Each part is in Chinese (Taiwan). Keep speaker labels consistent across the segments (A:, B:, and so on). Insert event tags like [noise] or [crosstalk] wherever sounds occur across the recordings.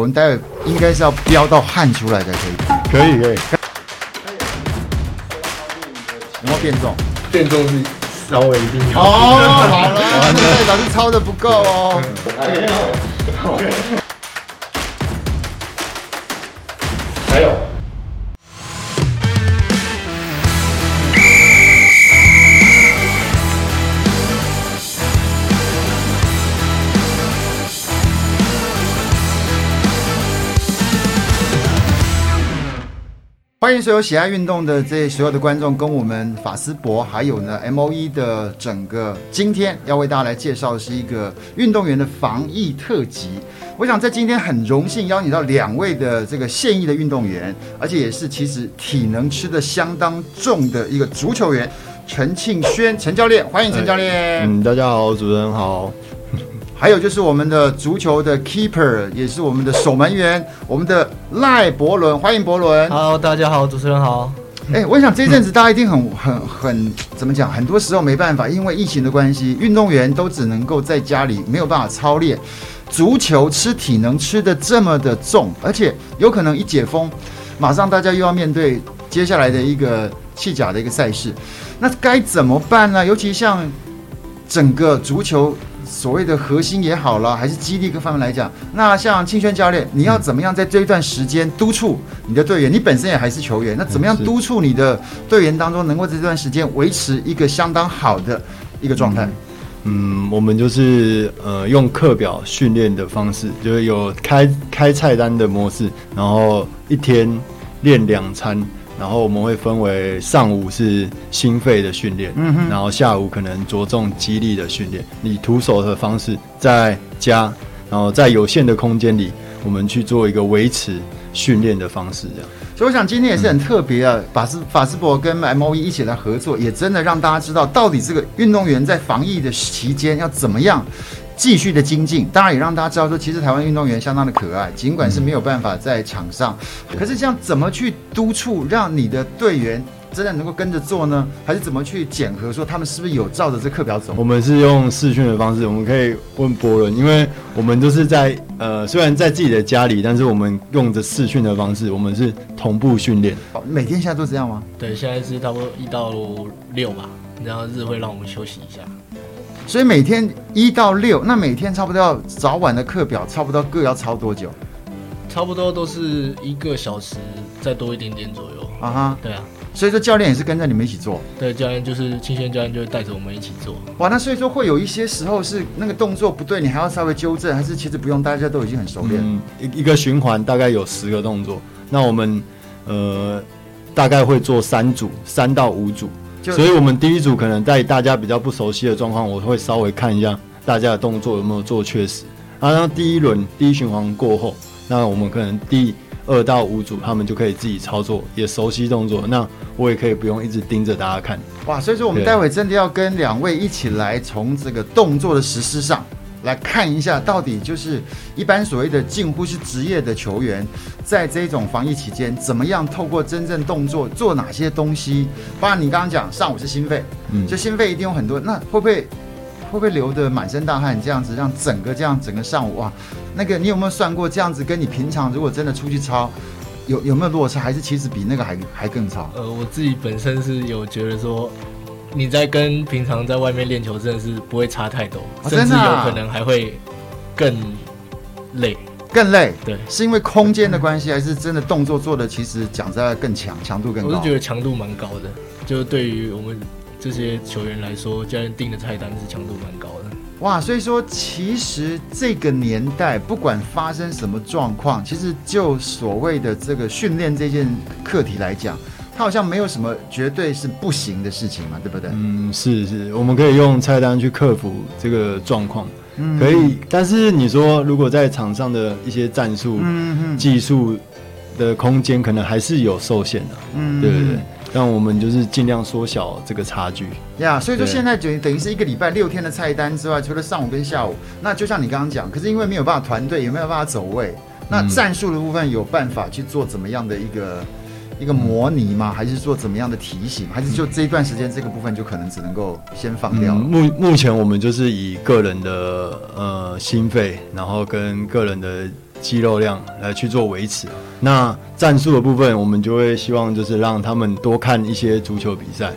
A: 我們待會兒應該是要飆到汗出來才可以？可以，可以、嗯。然後變重，變重是稍微一定哦，
B: 好了，對老師
A: 操得不夠哦。歡迎所有喜愛運動的這所有的觀眾，跟我們法斯博，還有呢 M O E 的整個今天要為大家來介紹的是一個運動員的防疫特輯。我想在今天很榮幸邀請到兩位的這個現役的運動員，而且也是其實體能吃得相當重的一個足球員陳慶軒陳教練，歡迎陳教練、哎。嗯，大家好，主持人好。還有就是我們的足球的 keeper，也是我們的守門員，我們的賴伯倫，歡迎伯倫。哈囉，大家好，主持人好。哎、欸，我想這一陣子大家一定很很很，怎麼講？很多時候沒辦法，因為疫情的關係，運動員都只能夠在家裡沒有辦法操練。足球吃體能吃得這麼的重，而且有可能一解封，馬上大家又要面對接下來的一個棄甲的一個賽事，那該怎麼辦呢？尤其像整個足球。所謂的核心也好了，還是肌力，各方面來講，那像青軒教練，你要怎麼樣在這一段時間督促你的隊員？嗯、你本身也還是球員，那怎麼樣督促你的
C: 隊員當中，能夠在這段時間維持一個相當好的一個狀態？嗯，我們就是呃，用課表訓練的方式，就是有開開菜單的模式，然後一天練兩餐。然後我們會分為上午是心肺的訓練，嗯哼，然後下午可能着重肌力的訓練，你徒手的方式在家，然後在有限的空間裡，我們去做一個維持訓練的方式，這樣。所以我想今天也是很特別啊，嗯、法斯法
A: 斯博跟 MOE 一起來合作，也真的讓大家知道到底這個運動員在防疫的期間要怎麼樣。繼續的精進，當然也讓大家知道說，其實台灣運動員相當的可愛，儘管是沒有辦法在場上，嗯、可是這樣怎麼去督促，讓你的隊員
C: 真的能夠跟着做呢？還是怎麼去檢核，說他們是不是有照着這課表走？我們是用視訊的方式，我們可以問波倫，因為我們都是在呃，雖然在自己的家裡，但是我們用着視訊的方式，我們是同步訓練。每天現在都這樣嗎？
B: 對，現在是差不多一到六吧，然後日會讓我們休息一下。
C: 所以
A: 每天一到六，那每天差不多要早晚的課表，差不多各個要操多久？
B: 差不多都是一個小時再多一點點左右。啊哈，對啊。
A: 所以說教練也是跟着你們一起做。
B: 對，教練就是清軒教練，就會帶着我們一起做。
A: 哇，那所以說會有一些時候是那個動作不對，你還要稍微糾正，還是其實不用，大家都已經很熟練。一、嗯、一個
C: 循環大概有十個動作，那我們呃大概會做三組，三到五組。就是，所以，我們第一組可能在大家比較不熟悉的狀況，我會稍微看一下大家的動作有沒有做確實。啊，那第一輪第一循環過後，那我們可能第二到五組他們就可以自己操作，也熟悉動作，那我也可以不用一直盯着大家看。
A: 哇，所以說我們戴
C: 會真的要跟兩位一起來從這個
A: 動作的實施上。來看一下，到底就是一般所謂的近乎是職業的球員，在這種防疫期間，怎麼樣透過真正動作做哪些東西？不然你剛剛講上午是心肺，嗯，就心肺一定有很多，那會不會會不會流得滿身大汗這樣子，讓整個這樣整個上午哇、啊？那個你有沒有算過這樣子跟你平常如果真的出去操，有有沒有落差，還是其實比那個還還更操？
B: 呃，我自己本身是有覺得說。你在跟平常在外面練球真的是不會差太多，哦，真的啊？甚至有可能還會更累，更累。對，
A: 是因為空間的關係，嗯，還是真的動作做的其實講在更強，強度更高？我是覺得強度蠻
B: 高的，就是對於我們這些球員來說，教練定的菜單是強度蠻高的。
A: 哇，所以說其實這個年代不管發生什麼狀況，其實就所謂的這個訓練這件課題來講。好像沒有什麼
C: 絕對是不行的事情嘛，對不對？嗯，是是，我們可以用菜單去克服這個狀況，嗯、哼可以。但是你說，如果在場上的一些戰術、嗯、哼技術的空間，可能還是有受限的、啊，嗯、對不對？那我們就是盡量縮小這個差距。
A: 呀，yeah, 所以說現在就對等於是一個禮拜六天的菜單之外，除了上午跟下午，那就像你剛剛講，可是因為沒有辦法團隊，也沒有辦法走位，那戰術的部分有辦法去做怎麼樣的一個？一個模擬嗎？嗯、還是做怎麼樣的提醒？還是就這一段時間這個部分就可能只能夠先
C: 放掉？目、嗯、目前我們就是以個人的呃心肺，然後跟個人的肌肉量來去做維持。那戰術的部分，我們就會希望就是讓他們多看一些足球比賽。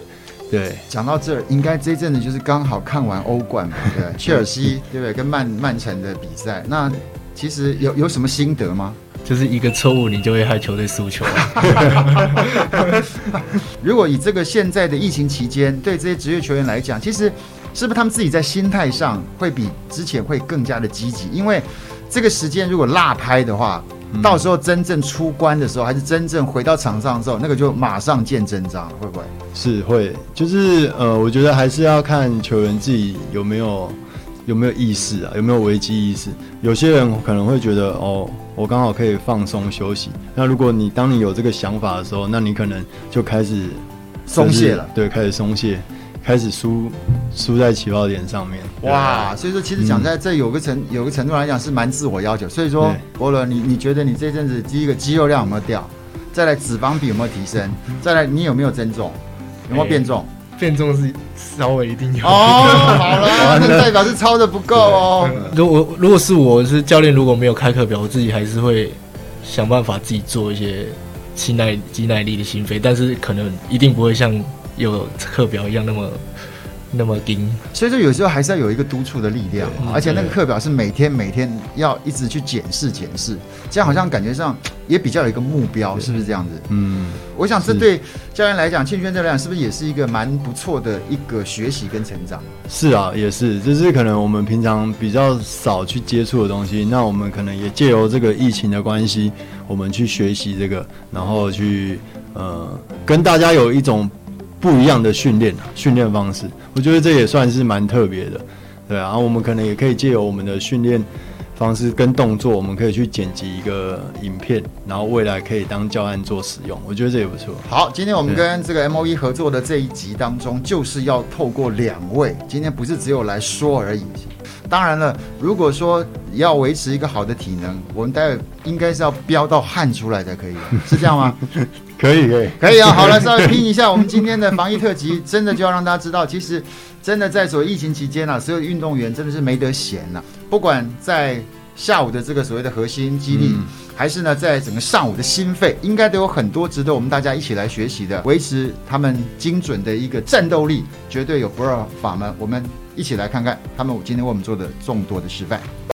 C: 對，講到這，應該這一陣子就是剛好看完歐冠嘛，
A: 對，切 [laughs] 爾西對不對？跟曼曼城的比賽，那其實有有什麼心得嗎？就是一個錯誤，你就會害球隊輸球。如果以這個現在的疫情期間，對這些職業球員來講，其實是不是他們自己在心態上會比之前會更加的積極？因為這個時間如果落拍的話，嗯、到時候真正出關的時候，還是真正回到場上的時候，那個就馬上見真章，會不會？
C: 是會，就是呃，我覺得還是要看球員自己有沒有。有沒有意識啊？有沒有危機意識？有些人可能會覺得，哦，我剛好可以放鬆休息。那如果你當你有這個想法的時候，那你可能就開始鬆、就是、懈了，對，開始鬆懈，開始輸輸在起跑點上面。
A: 哇，所以說其實講在這有個程，嗯、有個程度來講是蠻自我要求。所以說，博對倫，你你覺得你這陣子第一個肌肉量有沒有掉？再來脂肪比有沒有提升？嗯、哼再來你有沒有增重？有沒有變重？欸練重是稍微一定要哦，嗯、好了，了那代表是操的不夠
B: 哦。嗯、如果如果是我是教練，如果沒有開課表，我自己還是會想辦法自己做一些心耐、肌耐力的心肺，但是可能一定不會像有課表一樣那麼那麼緊。
A: 所以說，有時候還是要有一個督促的力量，對而且那個課表是每天每天要一直去檢視、檢視，這樣好像感覺上。嗯也比較有一個目標，是不是這樣子？嗯，我想這對教練來講，慶軒這來講，是不是也是一個蠻不錯的一個學習跟成長？
C: 是啊，也是，就是可能我們平常比較少去接觸的東西，那我們可能也借由這個疫情的關係，我們去學習這個，然後去呃，跟大家有一種不一樣的訓練訓練方式，我覺得這也算是蠻特別的，對啊，然後我們可能也可以借由我們的訓練。方式跟動作，我們可以去剪輯一個影片，然後未來可以當教案做使用，我覺得這也不錯。好，今天我們跟
A: 這個 MOE 合作的這一集當中，對就是要透過兩位，今天不是只有來說而已。當然了，如果說要維持一個好的體能，我們待會應該是要飆到汗出來才可以、啊、是這樣嗎？ [laughs] 可以，可以，可以啊！好了，稍微拼一下，我們今天的防疫特輯，真的就要讓大家知道，其實真的在所謂疫情期間啊，所有運動員真的是沒得閒吶、啊。不管在下午的這個所謂的核心肌力、嗯、還是呢，在整個上午的心肺，應該都有很多值得我們大家一起來學習的，維持他們精準的一個戰鬥力，絕對有不二法門。我們一起來看看他們今天為我們做的眾多的示範。